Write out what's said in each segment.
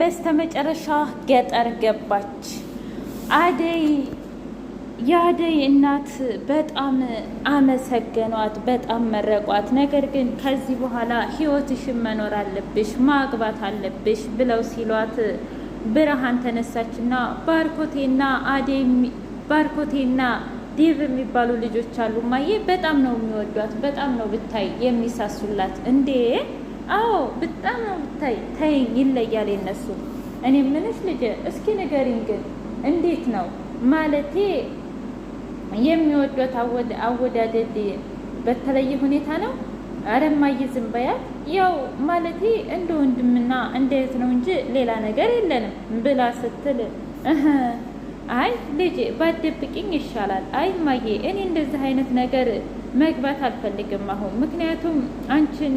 በስተመጨረሻ ገጠር ገባች። አደይ የአደይ እናት በጣም አመሰገኗት፣ በጣም መረቋት። ነገር ግን ከዚህ በኋላ ህይወትሽን መኖር አለብሽ፣ ማግባት አለብሽ ብለው ሲሏት ብርሃን ተነሳችና ባርኮቴና አደይ ባርኮቴና ዴቭ የሚባሉ ልጆች አሉ ማየ በጣም ነው የሚወዷት፣ በጣም ነው ብታይ የሚሳሱላት እንዴ አዎ በጣም ነው ብታይ ይለያል የነሱ። እኔ ምንሽ ልጅ እስኪ ንገሪኝ ግን እንዴት ነው ማለቴ የሚወዷት አወዳደድ በተለየ ሁኔታ ነው? ኧረ ዝም በያት። ያው ማለቴ እንደ ወንድምና እንደ ነው እንጂ ሌላ ነገር የለንም ብላ ስትል አይ ልጄ ባትደብቂኝ ይሻላል። አይ ማዬ እኔ እንደዚህ አይነት ነገር መግባት አልፈልግም አሁን ምክንያቱም አንቺን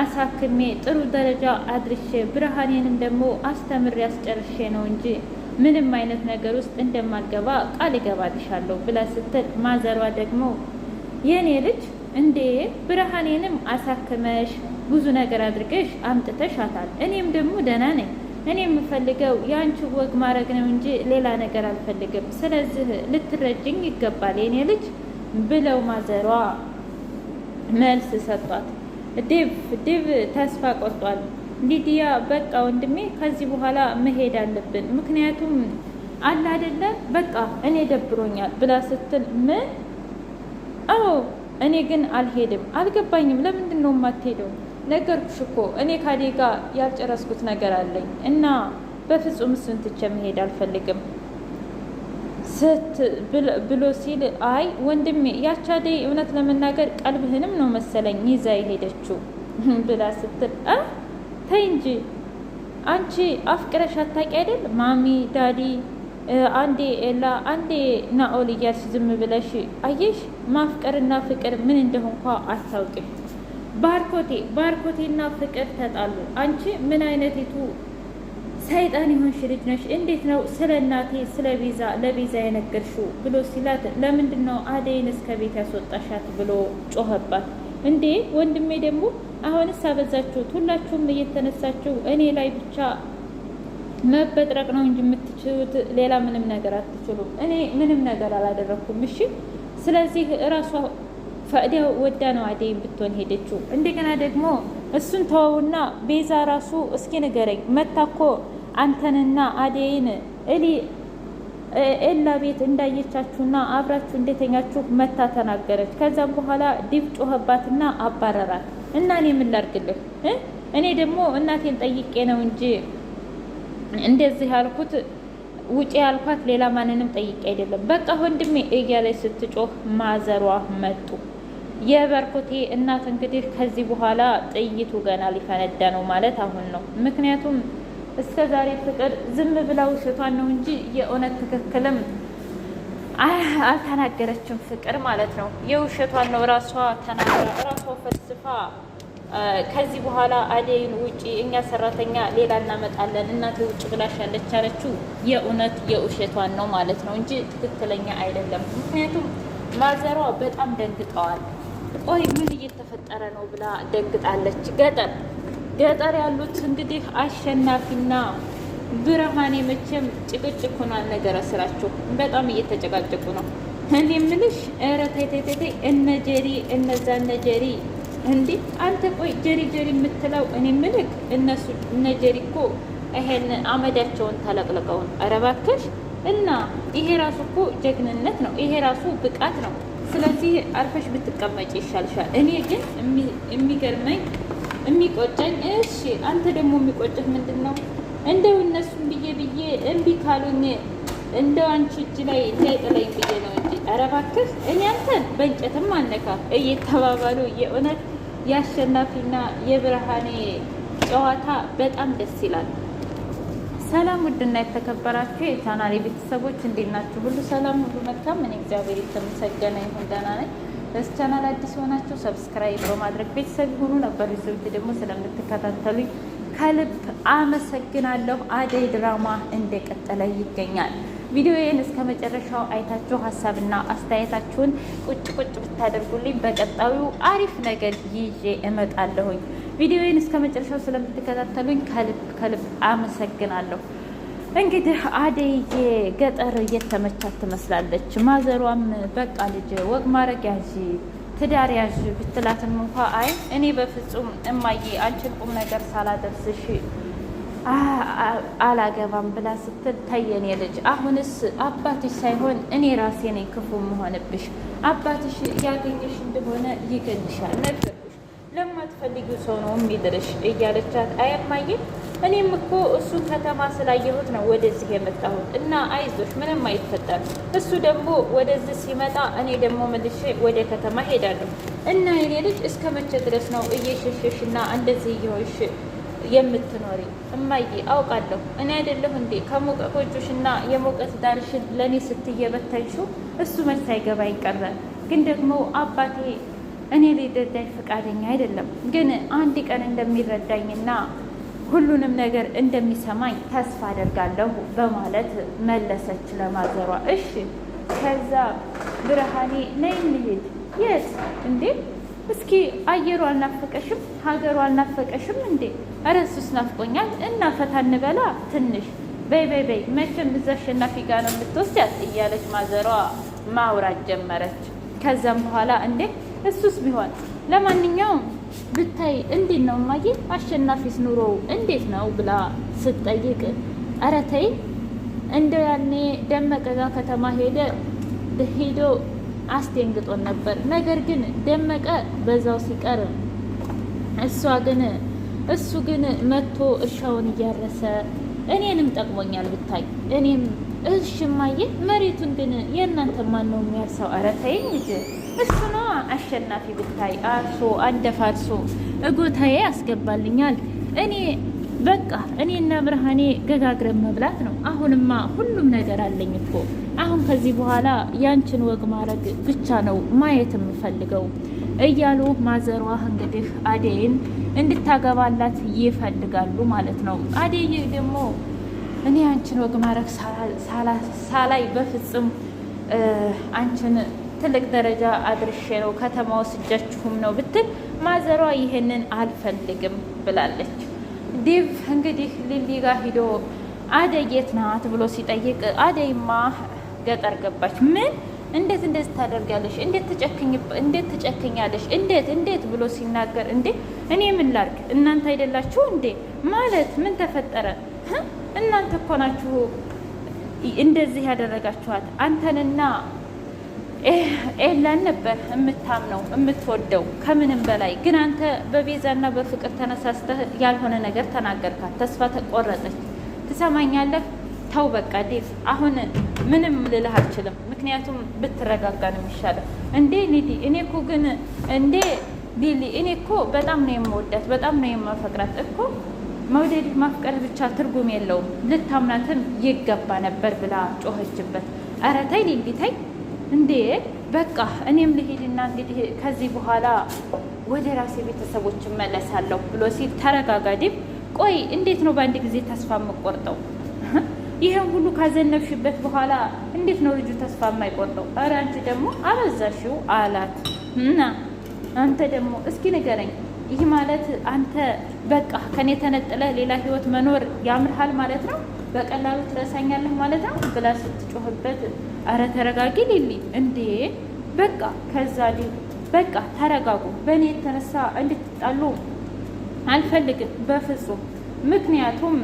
አሳክሜ ጥሩ ደረጃ አድርሼ ብርሃኔንም ደግሞ አስተምሬ አስጨርሼ ነው እንጂ ምንም አይነት ነገር ውስጥ እንደማልገባ ቃል እገባልሻለሁ ብላ ስትል፣ ማዘሯ ደግሞ የእኔ ልጅ እንዴ ብርሃኔንም አሳክመሽ ብዙ ነገር አድርገሽ አምጥተሻታል። እኔም ደግሞ ደህና ነኝ። እኔ የምፈልገው የአንቺ ወግ ማድረግ ነው እንጂ ሌላ ነገር አልፈልግም። ስለዚህ ልትረጅኝ ይገባል የእኔ ልጅ ብለው ማዘሯ መልስ ሰጧት። ዴቭ ዴቭ ተስፋ ቆርጧል። ሊዲያ በቃ ወንድሜ ከዚህ በኋላ መሄድ አለብን፣ ምክንያቱም አለ አይደለ በቃ እኔ ደብሮኛል ብላ ስትል ምን? አዎ እኔ ግን አልሄድም። አልገባኝም። ለምንድን ነው የማትሄደው? ነገርኩሽ እኮ እኔ ካዴ ጋር ያልጨረስኩት ነገር አለኝ እና በፍጹም እሱን ትቼ መሄድ አልፈልግም። ስት ብሎ ሲል አይ ወንድሜ ያች እውነት ለመናገር ቀልብህንም ነው መሰለኝ ይዛ የሄደችው ብላ ስትል አ ተይ እንጂ አንቺ አፍቅረሽ አታውቂ አይደል? ማሚ ዳዲ፣ አንዴ ኤላ፣ አንዴ ናኦል እያልሽ ዝም ብለሽ አየሽ፣ ማፍቀርና ፍቅር ምን እንደሆነ እንኳ አታውቂም። ባርኮቴ ባርኮቴና ፍቅር ተጣሉ። አንቺ ምን አይነቲቱ ሰይጣን የሆንሽ ልጅ ነሽ። እንዴት ነው ስለ እናቴ ስለ ቤዛ ለቤዛ የነገርሽው ብሎ ሲላት ለምንድን ነው አደይን እስከ ቤት ያስወጣሻት ብሎ ጮኸባት። እንዴ ወንድሜ ደግሞ አሁንስ አበዛችሁት። ሁላችሁም እየተነሳችሁ እኔ ላይ ብቻ መበጥረቅ ነው እንጂ የምትችሉት ሌላ ምንም ነገር አትችሉም። እኔ ምንም ነገር አላደረግኩም። እሺ ስለዚህ እራሷ ፈቅዳ ወዳ ነው አደይን ብትሆን ሄደችው። እንደገና ደግሞ እሱን ተወውና ቤዛ ራሱ እስኪ ንገረኝ መታኮ አንተንና አደይን እሊ ኤላ ቤት እንዳየቻችሁና አብራችሁ እንደተኛችሁ መታ ተናገረች። ከዛም በኋላ ዲብ ጮኸባትና አባረራት እና እኔ ምን እኔ ደግሞ እናቴን ጠይቄ ነው እንጂ እንደዚህ ያልኩት ውጪ ያልኳት ሌላ ማንንም ጠይቄ አይደለም። በቃ ወንድሜ እያለች ስትጮህ ማዘሯ መጡ። የበርኮቴ እናት እንግዲህ ከዚህ በኋላ ጥይቱ ገና ሊፈነዳ ነው ማለት አሁን ነው። ምክንያቱም እስከ ዛሬ ፍቅር ዝም ብላ ውሸቷን ነው እንጂ የእውነት ትክክልም አልተናገረችም ፍቅር ማለት ነው። የውሸቷን ነው ራሷ ተናግራ ራሷ ፈልስፋ ከዚህ በኋላ አደይን ውጪ እኛ ሰራተኛ ሌላ እናመጣለን እናቴ ውጭ ብላሽ ያለች አለችው። የእውነት የውሸቷን ነው ማለት ነው እንጂ ትክክለኛ አይደለም። ምክንያቱም ማዘሯ በጣም ደንግጠዋል። ቆይ ምን እየተፈጠረ ነው ብላ ደንግጣለች። ገጠር ገጠር ያሉት እንግዲህ አሸናፊና ብርሃን መቼም ጭቅጭቅ ሆኗል። ነገረ ስራቸው በጣም እየተጨቃጨቁ ነው። እኔ ምልሽ ኧረ ተይ ተይ ተይ እነ ጀሪ እነዛ እነ ጀሪ እንዲህ አንተ ቆይ ጀሪ ጀሪ የምትለው እኔ ምልክ እነሱ እነ ጀሪ እኮ ይሄን አመዳቸውን ተለቅልቀውን፣ ኧረ እባክሽ እና ይሄ ራሱ እኮ ጀግንነት ነው። ይሄ ራሱ ብቃት ነው። ስለዚህ አርፈሽ ብትቀመጭ ይሻልሻል። እኔ ግን የሚገርመኝ የሚቆጨኝ፣ እሺ አንተ ደግሞ የሚቆጭህ ምንድን ነው? እንደው እነሱን ብዬ ብዬ እምቢ ካሉኝ እንደው አንቺ እጅ ላይ እንዳይጥለኝ ብዬ ነው እንጂ ኧረ እባክህ እኔ አንተን በእንጨትም አነካ እየተባባሉ የእውነት የአሸናፊና የብርሃኔ ጨዋታ በጣም ደስ ይላል። ሰላም ውድና የተከበራችሁ የቻናል ቤተሰቦች እንዴት ናችሁ? ሁሉ ሰላም፣ ሁሉ መልካም? እኔ እግዚአብሔር የተመሰገነ ይሁን ደህና ነኝ። ለዚህ ቻናል አዲስ የሆናችሁ ሰብስክራይብ በማድረግ ቤተሰብ ሆኑ። ነበር ሰዎች ደግሞ ስለምትከታተሉኝ ከልብ አመሰግናለሁ። አደይ ድራማ እንደቀጠለ ይገኛል። ቪዲዮዬን እስከ መጨረሻው አይታችሁ ሀሳብና አስተያየታችሁን ቁጭ ቁጭ ብታደርጉልኝ በቀጣዩ አሪፍ ነገር ይዤ እመጣለሁኝ። ቪዲዮዬን እስከ መጨረሻው ስለምትከታተሉኝ ከልብ ከልብ አመሰግናለሁ። እንግዲህ አደይ ገጠር እየተመቻት ትመስላለች። ማዘሯም በቃ ልጅ ወግ ማድረግ ያዥ ትዳር ያዥ ብትላትም እንኳ አይ እኔ በፍጹም እማዬ አንቺን ቁም ነገር ሳላደርስሽ አላገባም ብላ ስትል ታየኔ ልጅ አሁንስ አባትሽ ሳይሆን እኔ ራሴ ነኝ ክፉ መሆንብሽ። አባትሽ ያገኘሽ እንደሆነ ይገልሻል ነበር ለማትፈልጊው ሰው ነው የሚድርሽ እያለቻት አያማየ እኔም እኮ እሱን ከተማ ስላየሁት ነው ወደዚህ የመጣሁት እና አይዞሽ ምንም አይፈጠር። እሱ ደግሞ ወደዚህ ሲመጣ እኔ ደግሞ መልሼ ወደ ከተማ ሄዳለሁ እና የኔ ልጅ እስከ መቼ ድረስ ነው እየሸሸሽ እና እንደዚህ እየሆንሽ የምትኖሪ? እማዬ አውቃለሁ እኔ አይደለሁ እንዴ ከሞቀ ጎጆሽ እና የሞቀት ዳርሽን ለእኔ ስትየበተንሹ እሱ መልስ አይገባ ይቀራል። ግን ደግሞ አባቴ እኔ ሊረዳኝ ፈቃደኛ አይደለም። ግን አንድ ቀን እንደሚረዳኝና ሁሉንም ነገር እንደሚሰማኝ ተስፋ አደርጋለሁ በማለት መለሰች ለማዘሯ። እሺ ከዛ ብርሃኔ ነይ እንሂድ። የት እንዴ? እስኪ አየሩ አልናፈቀሽም? ሀገሩ አልናፈቀሽም እንዴ? ኧረ እሱስ ናፍቆኛል። እና ፈታ እንበላ ትንሽ በይ በይ በይ፣ መቼም እዛ አሸናፊ ጋር ነው የምትወስዳት እያለች ማዘሯ ማውራት ጀመረች። ከዛም በኋላ እንዴ እሱስ ቢሆን ለማንኛውም ብታይ እንዴት ነው እማዬ አሸናፊስ ኑሮ እንዴት ነው ብላ ስትጠይቅ፣ ኧረ ተይ እንደው ያኔ ደመቀ ጋር ከተማ ሄደ ሄዶ አስደንግጦን ነበር። ነገር ግን ደመቀ በዛው ሲቀር እሷ ግን እሱ ግን መጥቶ እርሻውን እያረሰ እኔንም ጠቅሞኛል ብታይ እኔም እሺ እማዬ፣ መሬቱን ግን የእናንተ ማን ነው የሚያርሰው? ኧረ ተይኝ እንጂ እሱ ነዋ አሸናፊ ብታይ አርሶ አደፋርሶ እጎታዬ ያስገባልኛል። እኔ በቃ እኔና ብርሃኔ ገጋግረን መብላት ነው። አሁንማ ሁሉም ነገር አለኝ እኮ አሁን ከዚህ በኋላ ያንችን ወግ ማድረግ ብቻ ነው ማየት የምፈልገው እያሉ ማዘሯ እንግዲህ አደይን እንድታገባላት ይፈልጋሉ ማለት ነው። አደይ ደግሞ እኔ አንቺን ወግ ማድረግ ሳላይ በፍጹም አንቺን ትልቅ ደረጃ አድርሼ ነው ከተማ ወስጃችሁም ነው ብትል ማዘሯ ይህንን አልፈልግም ብላለች። ዲቭ እንግዲህ ሊሊ ጋ ሂዶ አደይ የት ናት ብሎ ሲጠይቅ አደይማ ገጠር ገባች። ምን እንዴት እንደዚህ ታደርጋለሽ? እንዴት ተጨክኝ እንዴት ትጨክኛለሽ? እንዴት እንዴት ብሎ ሲናገር እንዴ እኔ ምን ላርግ? እናንተ አይደላችሁ እንዴ ማለት ምን ተፈጠረ? እናንተ እኮ ናችሁ እንደዚህ ያደረጋችኋት። አንተንና ኤላን ነበር የምታምነው የምትወደው ከምንም በላይ ግን አንተ በቤዛና በፍቅር ተነሳስተህ ያልሆነ ነገር ተናገርካት። ተስፋ ተቆረጠች። ትሰማኛለህ? ተው በቃ ዴቭ፣ አሁን ምንም ልልህ አልችልም። ምክንያቱም ብትረጋጋ ነው የሚሻለው። እንዴ ሊሊ፣ እኔ እኮ ግን እንዴ ሊሊ፣ እኔ እኮ በጣም ነው የምወዳት፣ በጣም ነው የማፈቅራት እኮ መውደድ ማፍቀር ብቻ ትርጉም የለውም፣ ልታምናትም ይገባ ነበር ብላ ጮኸችበት። ኧረ ተይ ሊሊ ተይ እንዴ! በቃ እኔም ልሄድና እንግዲህ ከዚህ በኋላ ወደ ራሴ ቤተሰቦች እመለሳለሁ ብሎ ሲል ተረጋጋ ቆይ እንዴት ነው በአንድ ጊዜ ተስፋ የምቆርጠው? ይህም ሁሉ ካዘነብሽበት በኋላ እንዴት ነው ልጁ ተስፋ የማይቆርጠው? ኧረ አንቺ ደግሞ አበዛሽው አላት እና አንተ ደግሞ እስኪ ንገረኝ ይህ ማለት አንተ በቃ ከኔ ተነጥለ ሌላ ህይወት መኖር ያምርሃል ማለት ነው፣ በቀላሉ ትረሳኛለህ ማለት ነው ብላ ስትጮህበት፣ አረ ተረጋጊ ሊሊ እንዴ በቃ ከዛ ዲ በቃ ተረጋጉ፣ በእኔ የተነሳ እንድትጣሉ አልፈልግም በፍጹም ምክንያቱም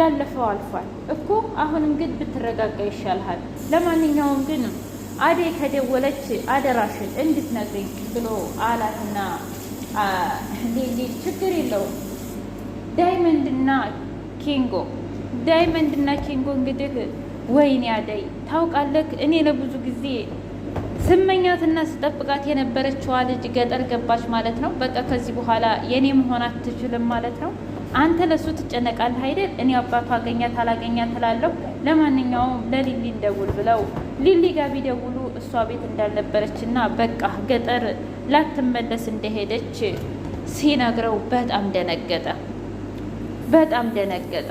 ያለፈው አልፏል እኮ አሁንም ግን ብትረጋጋ ይሻልሃል። ለማንኛውም ግን አዴ ከደወለች አደራሽን እንድትነግሪኝ ብሎ አላትና ችግር የለውም። ዳይመንድና ኪንጎ ዳይመንድና ኪንጎ እንግዲህ ወይኔ አደይ ታውቃለህ፣ እኔ ለብዙ ጊዜ ስመኛትና ስጠብቃት የነበረችዋ ልጅ ገጠር ገባች ማለት ነው። በቃ ከዚህ በኋላ የኔ መሆን አትችልም ማለት ነው። አንተ ለእሱ ትጨነቃለህ አይደል? እኔ አባቱ አገኛት አላገኛት እላለሁ። ለማንኛውም ለሊሊ እንደውል ብለው ሊሊ ጋር ቢደውሉ እሷ ቤት እንዳልነበረች እና በቃ ገጠር ላትመለስ እንደሄደች ሲነግረው በጣም ደነገጠ። በጣም ደነገጠ።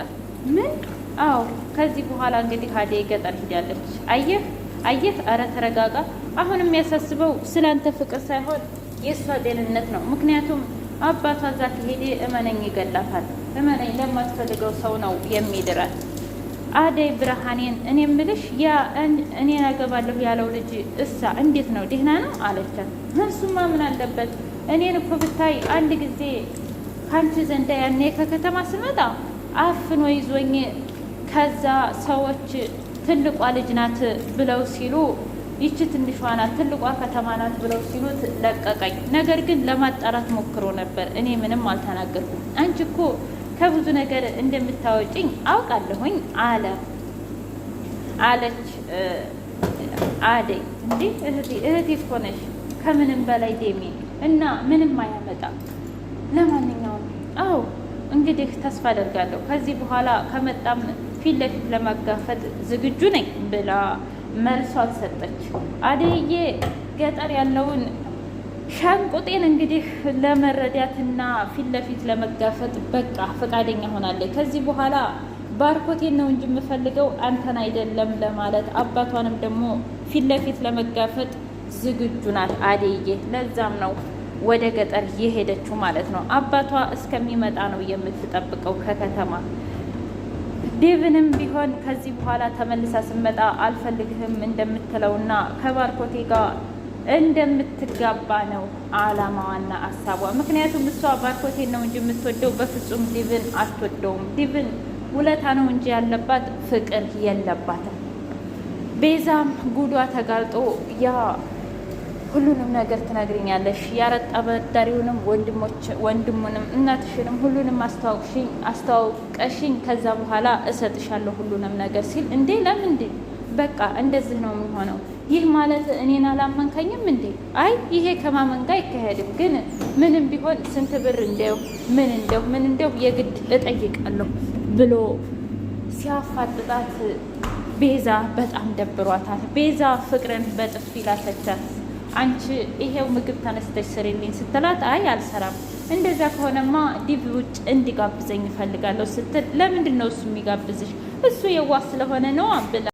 ምን? አዎ ከዚህ በኋላ እንግዲህ አደይ ገጠር ሂዳለች። አየህ አየህ፣ አረ ተረጋጋ። አሁን የሚያሳስበው ስለአንተ ፍቅር ሳይሆን የእሷ ጤንነት ነው። ምክንያቱም አባቷ እዛ ከሄደ እመነኝ ይገላታል። እመነኝ ለማትፈልገው ሰው ነው የሚድራት። አደይ ብርሃኔን እኔ ምልሽ ያ እኔ አገባለሁ ያለው ልጅ እሳ እንዴት ነው ደህና ነው አለቻት። እሱማ ምን አለበት እኔን እኮ ብታይ አንድ ጊዜ ከአንቺ ዘንዳ ያኔ ከከተማ ስመጣ አፍኖ ይዞኝ ከዛ ሰዎች ትልቋ ልጅ ናት ብለው ሲሉ ይቺ ትንሿ ናት ትልቋ ከተማ ናት ብለው ሲሉት ለቀቀኝ። ነገር ግን ለማጣራት ሞክሮ ነበር። እኔ ምንም አልተናገርኩም። አንቺ እኮ ከብዙ ነገር እንደምታወጭኝ አውቃለሁኝ አለ አለች አደይ። እንዴ እህቴ እህቴ እኮ ነሽ ከምንም በላይ ደሚ እና ምንም አያመጣም። ለማንኛውም አው እንግዲህ ተስፋ አደርጋለሁ ከዚህ በኋላ ከመጣም ፊት ለፊት ለመጋፈጥ ዝግጁ ነኝ ብላ መልሷን ሰጠች። አደዬ ገጠር ያለውን ሸንቁጤን እንግዲህ ለመረዳትና ፊት ለፊት ለመጋፈጥ በቃ ፈቃደኛ ሆናለች። ከዚህ በኋላ ባርኮቴን ነው እንጂ የምፈልገው አንተን አይደለም ለማለት አባቷንም ደግሞ ፊት ለፊት ለመጋፈጥ ዝግጁ ናት አደዬ። ለዛም ነው ወደ ገጠር የሄደችው ማለት ነው። አባቷ እስከሚመጣ ነው የምትጠብቀው ከከተማ ዴቭንም ቢሆን ከዚህ በኋላ ተመልሳ ስመጣ አልፈልግህም እንደምትለውና ከባርኮቴ ጋር እንደምትጋባ ነው አላማዋና አሳቧ። ምክንያቱም እሷ ባርኮቴን ነው እንጂ የምትወደው በፍጹም ዲቭን አትወደውም። ዲቭን ውለታ ነው እንጂ ያለባት ፍቅር የለባትም። ቤዛም ጉዷ ተጋልጦ ያ ሁሉንም ነገር ትነግርኛለሽ፣ ያረጣ በዳሪውንም ወንድሙንም እናትሽንም ሁሉንም አስተዋውቀሽኝ ከዛ በኋላ እሰጥሻለሁ ሁሉንም ነገር ሲል እንዴ ለምንድ በቃ እንደዚህ ነው የሚሆነው ይህ ማለት እኔን አላመንከኝም እንዴ? አይ ይሄ ከማመን ጋር አይካሄድም። ግን ምንም ቢሆን ስንት ብር እንደው ምን እንደው ምን እንደው የግድ እጠይቃለሁ ብሎ ሲያፋጥጣት ቤዛ በጣም ደብሯታል። ቤዛ ፍቅርን በጥፊ ላተቻት። አንቺ ይሄው ምግብ ተነስተሽ ስሪልኝ ስትላት አይ አልሰራም፣ እንደዛ ከሆነማ ዲቪ ውጭ እንዲጋብዘኝ እፈልጋለሁ ስትል ለምንድን ነው እሱ የሚጋብዝሽ? እሱ የዋህ ስለሆነ ነው ብላ